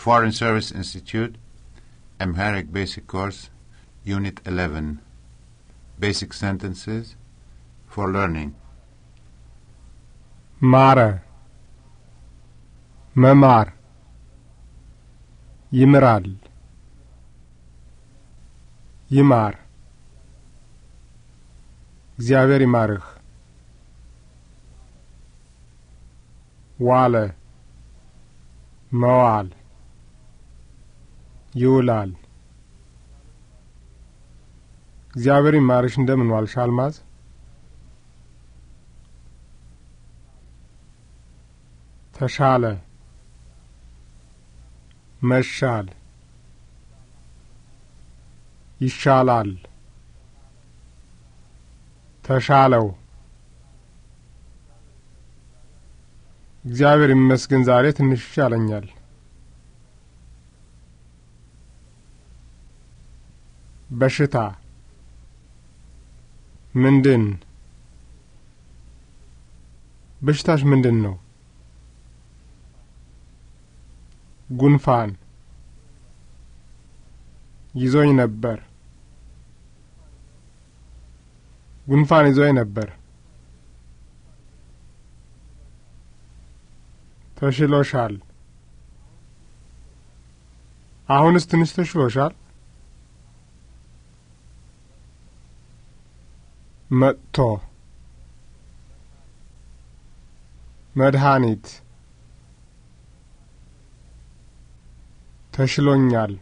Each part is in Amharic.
Foreign Service Institute, Amharic Basic Course, Unit 11, Basic Sentences for Learning. Mara mamar, Yimral Yimar Xaveri ይማርህ Wale, መዋል ይውላል። እግዚአብሔር ይማርሽ። እንደምን ዋልሽ አልማዝ? ተሻለ መሻል ይሻላል ተሻለው እግዚአብሔር ይመስገን ዛሬ ትንሽ ይሻለኛል። በሽታ ምንድን በሽታሽ ምንድን ነው? ጉንፋን ይዞኝ ነበር። ጉንፋን ይዞኝ ነበር። ተሽሎሻል? አሁንስ ትንሽ ተሽሎሻል? መጥቶ መድኃኒት ተሽሎኛል።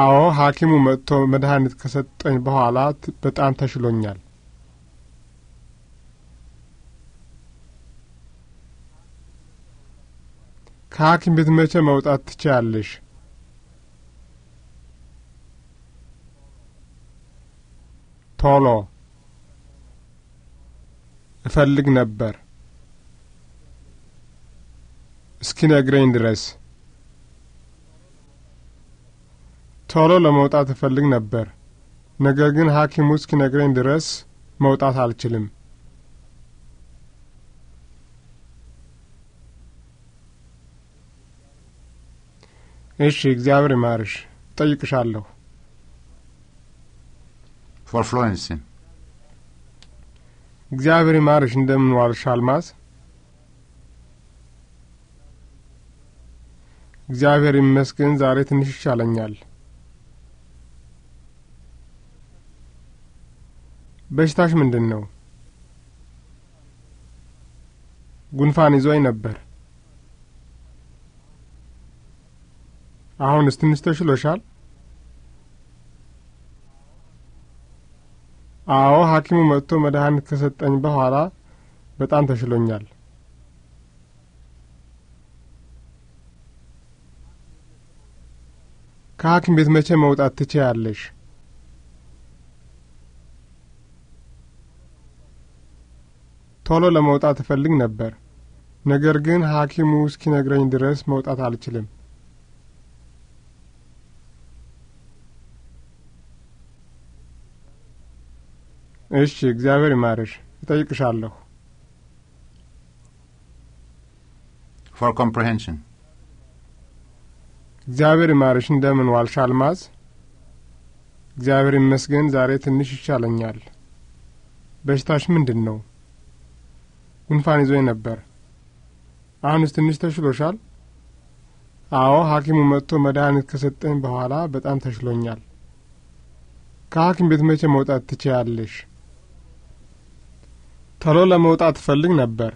አዎ ሐኪሙ መጥቶ መድኃኒት ከሰጠኝ በኋላ በጣም ተሽሎኛል። ከሐኪም ቤት መቼ መውጣት ትችያለሽ? ቶሎ እፈልግ ነበር እስኪነግረኝ ድረስ ቶሎ ለመውጣት እፈልግ ነበር፣ ነገር ግን ሐኪሙ እስኪነግረኝ ድረስ መውጣት አልችልም። እሺ፣ እግዚአብሔር ይማርሽ። ጠይቅሻለሁ። ፎር ፍሎረንስን እግዚአብሔር ይማርሽ። እንደምን ዋልሽ አልማዝ? እግዚአብሔር ይመስገን ዛሬ ትንሽ ይሻለኛል። በሽታሽ ምንድን ነው? ጉንፋን ይዞኝ ነበር። አሁንስ ትንሽ ተሽሎሻል? አዎ ሐኪሙ መጥቶ መድኃኒት ከሰጠኝ በኋላ በጣም ተሽሎኛል። ከሐኪም ቤት መቼ መውጣት ትችያለሽ? ቶሎ ለመውጣት እፈልግ ነበር፣ ነገር ግን ሐኪሙ እስኪነግረኝ ድረስ መውጣት አልችልም። እሺ፣ እግዚአብሔር ይማርሽ። እጠይቅሻለሁ። ፎር ኮምፕሬንሽን እግዚአብሔር ይማርሽ። እንደምን ዋልሽ አልማዝ? እግዚአብሔር ይመስገን ዛሬ ትንሽ ይቻለኛል። በሽታሽ ምንድን ነው? ጉንፋን ይዞኝ ነበር። አሁንስ ትንሽ ተሽሎሻል? አዎ፣ ሐኪሙ መጥቶ መድኃኒት ከሰጠኝ በኋላ በጣም ተሽሎኛል። ከሐኪም ቤት መቼ መውጣት ትችያለሽ? ተሎ ለመውጣት እፈልግ ነበር፣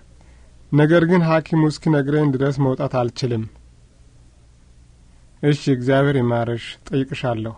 ነገር ግን ሐኪሙ እስኪነግረኝ ድረስ መውጣት አልችልም። እሺ፣ እግዚአብሔር ይማርሽ። ጠይቅሻለሁ።